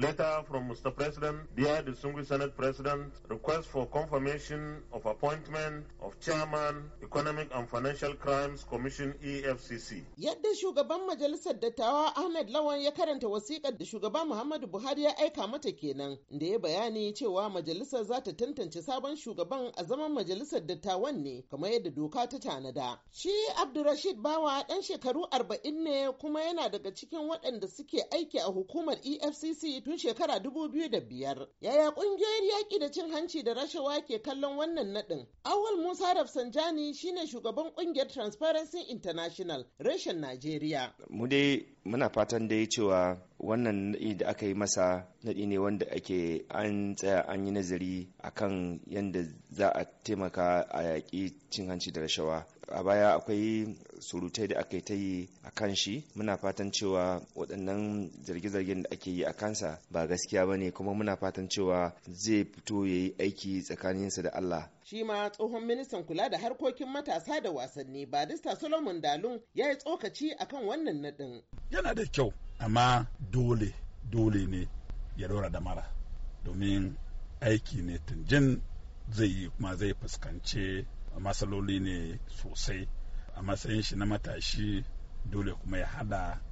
Letter from Mr. President, dear distinguished Senate President, request for confirmation of appointment of Chairman Economic and Financial Crimes Commission EFCC. Yadda shugaban majalisar dattawa Ahmed Lawan ya karanta wasiƙar da shugaban Muhammadu Buhari ya aika mata kenan da ya bayani cewa majalisar za ta tantance sabon shugaban a zaman majalisar dattawan ne kamar yadda doka ta tanada. Shi Abdurrashid Bawa ɗan shekaru arba'in ne kuma yana daga cikin waɗanda suke aiki a hukumar EFCC tun shekara dubu biyu da biyar. Yaya ƙungiyoyin yaƙi da cin hanci da rashawa ke kallon wannan naɗin? Awal Musa Musa sanjani shine shugaban kungiyar Transparency International reshen Najeriya. Mu dai muna fatan dai cewa wannan naɗi da aka yi masa naɗi ne wanda ake an tsaya an yi nazari akan yadda za a taimaka a yaƙi cin hanci da rashawa a baya akwai surutai da aka yi ta yi a kan shi muna fatan cewa waɗannan zarge-zargen da ake yi a kansa ba gaskiya ba ne kuma muna fatan cewa zai fito ya yi aiki tsakaninsa da Allah shi ma tsohon ministan kula da harkokin matasa da wasanni badista solomon dalun ya yi tsokaci akan wannan naɗin yana da kyau amma dole dole ne ya lura da mara domin aiki ne tunjin zai yi kuma zai fuskance. matsaloli ne sosai a matsayin shi na matashi dole kuma ya hada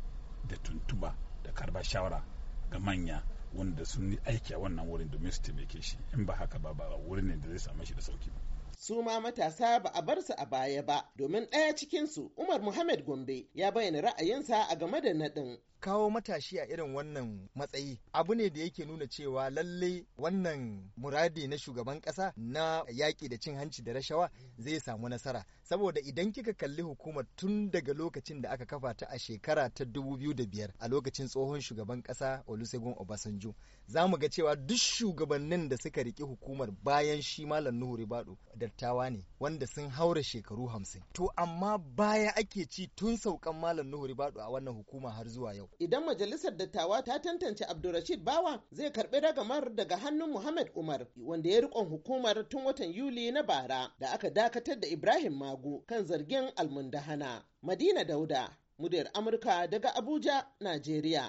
da tuntuba da karba shawara ga manya wanda sun yi aiki a wannan wurin domin su taimake shi in ba haka ba ba wurin ne da zai same shi da sauki ba su ma matasa ba a bar su a baya ba domin ɗaya cikinsu Umar Muhammad Gombe ya bayyana ra'ayinsa a game da naɗin. kawo matashi a irin wannan matsayi abu ne da yake nuna cewa lalle wannan muradi na shugaban kasa na yaƙi da cin hanci da rashawa zai samu nasara saboda idan kika kalli hukumar tun daga lokacin da aka kafa ta a shekara ta 2005 a lokacin tsohon shugaban kasa olusegun obasanjo za mu ga cewa duk shugabannin da suka riƙi hukumar bayan shi malam nuhu ribadu da dattawa ne wanda sun haura shekaru hamsin to amma baya ake ci tun saukan malam nuhu ribadu a wannan hukuma har zuwa yau idan majalisar dattawa ta tantance abdulrashid bawa zai karbi ragamar daga hannun muhammad umar wanda ya rikon hukumar tun watan yuli na bara da aka dakatar da ibrahim magu kan zargin almundahana madina dauda muryar amurka daga abuja najeriya